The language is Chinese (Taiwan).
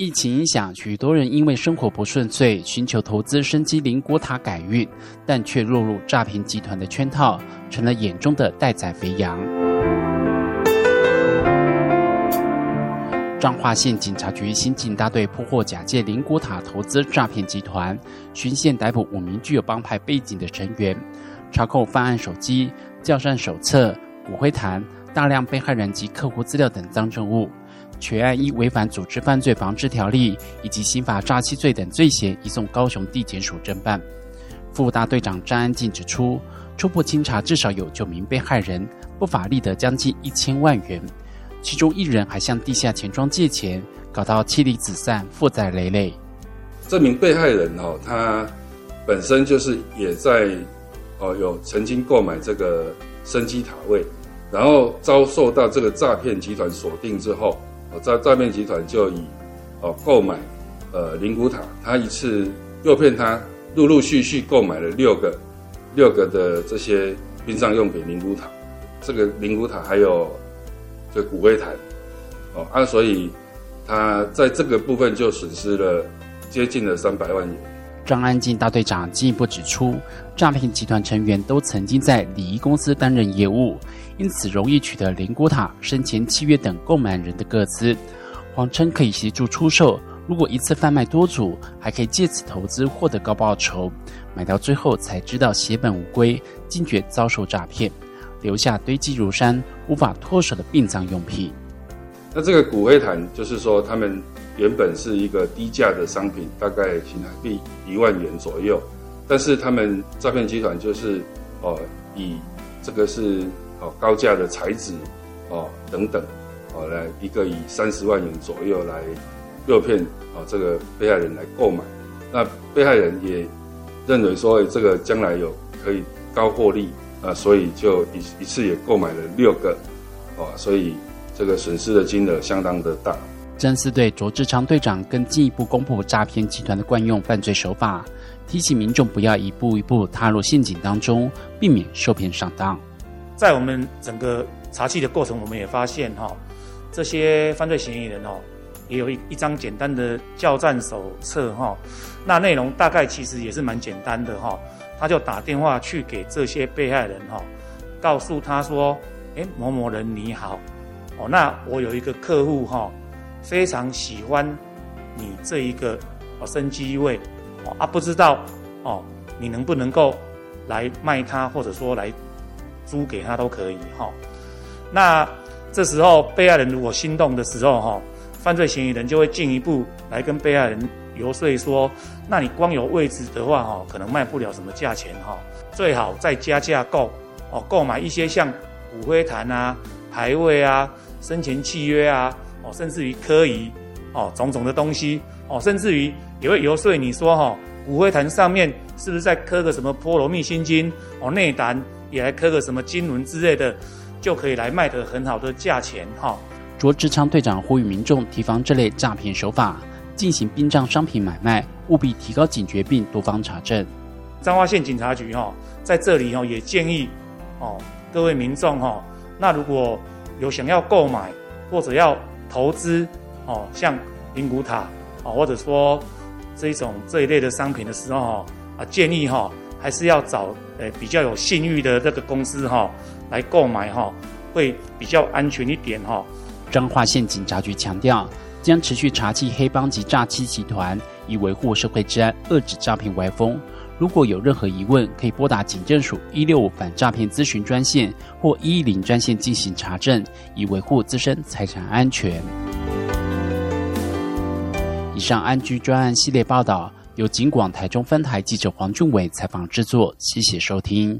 疫情影響，許多人因為生活不順遂，尋求投資生機靈骨塔改運，但卻落入詐騙集團的圈套，成了眼中的待宰肥羊。彰化縣警察局刑警大隊破獲假借靈骨塔投資詐騙集團，循線逮捕五名具有幫派背景的成員，查扣犯案手機、教戰手冊、骨灰罈、大量被害人及客戶資料等贓證物。全案依違反組織犯罪防治條例以及刑法詐欺罪等罪嫌，移送高雄地檢署偵辦。副大隊長張安進指出，初步清查至少有九名被害人，不法利得將近一千萬元，其中一人還向地下錢莊借錢，搞到妻離子散、負債累累。這名被害人哦，他本身就是也在哦有曾經購買這個生機塔位，然後遭受到這個詐騙集團鎖定之後。哦，詐詐騙集團就以哦購買呃靈骨塔，他一次誘騙他陸陸續續購買了六個六個的這些殯葬用品靈骨塔，這個靈骨塔還有這骨灰罈，哦啊，所以他在這個部分就損失了接近了三百萬元。張安靜大隊長進一步指出，詐騙集團成員都曾經在禮儀公司擔任業務，因此容易取得靈骨塔、生前契約等購買人的個資，謊稱可以協助出售。如果一次販賣多組，還可以借此投資獲得高報酬。買到最後才知道血本無歸，驚覺遭受詐騙，留下堆積如山、無法脫手的殯葬用品。那這個骨灰罈，就是說他們。原本是一個低價的商品，大概新台幣一萬元左右，但是他們詐騙集團就是，哦以這個是哦高價的材質哦等等，哦來一個以三十萬元左右來誘騙哦這個被害人來購買，那被害人也認為說這個將來有可以高獲利啊，所以就一一次也購買了六個，哦所以這個損失的金額相當的大。偵四隊卓志昌隊長更進一步公布詐騙集團的慣用犯罪手法，提醒民眾不要一步一步踏入陷阱當中，避免受騙上當。在我們整個查緝的過程，我們也發現哈，這些犯罪嫌疑人哈，也有一一張簡單的教戰手冊哈，那內容大概其實也是蠻簡單的哈，他就打電話去給這些被害人哈，告訴他說，哎、欸，某某人你好，哦，那我有一個客戶哈。非常喜歡你這一個生機位，啊，不知道哦，你能不能夠來賣他，或者說來租給他都可以哈、哦。那這時候被害人如果心動的時候哈、哦，犯罪嫌疑人就會進一步來跟被害人游說說，那你光有位置的話哈、哦，可能賣不了什麼價錢哈、哦，最好再加價購哦，購買一些像骨灰罈啊、牌位啊、生前契約啊。甚至於科儀哦，種種的東西哦，甚至於也會遊說你說哈、哦，骨灰壇上面是不是在刻個什麼《波羅蜜心經》哦，內壇也來刻個什麼經文之類的，就可以來賣得很好的價錢哈。卓、哦、志昌隊長呼籲民眾提防這類詐騙手法，進行殯葬商品買賣務必提高警覺並多方查證。彰化縣警察局哈、哦、在這裡哦也建議哦各位民眾哈、哦，那如果有想要購買或者要投資哦，像靈骨塔哦，或者說，這一種這一類的商品的時候哦，啊，建議哈還是要找呃比較有信譽的這個公司哈來購買哈，會比較安全一點哈。彰化縣警察局強調，將持續查緝黑幫及詐欺集團，以維護社會治安，遏制詐騙歪風。如果有任何疑問，可以撥打警政署一六五反詐騙諮詢專線或一一零專線進行查證，以維護自身財產安全。以上安居專案系列報道由警廣台中分台記者黃俊偉採訪制作，謝謝收聽。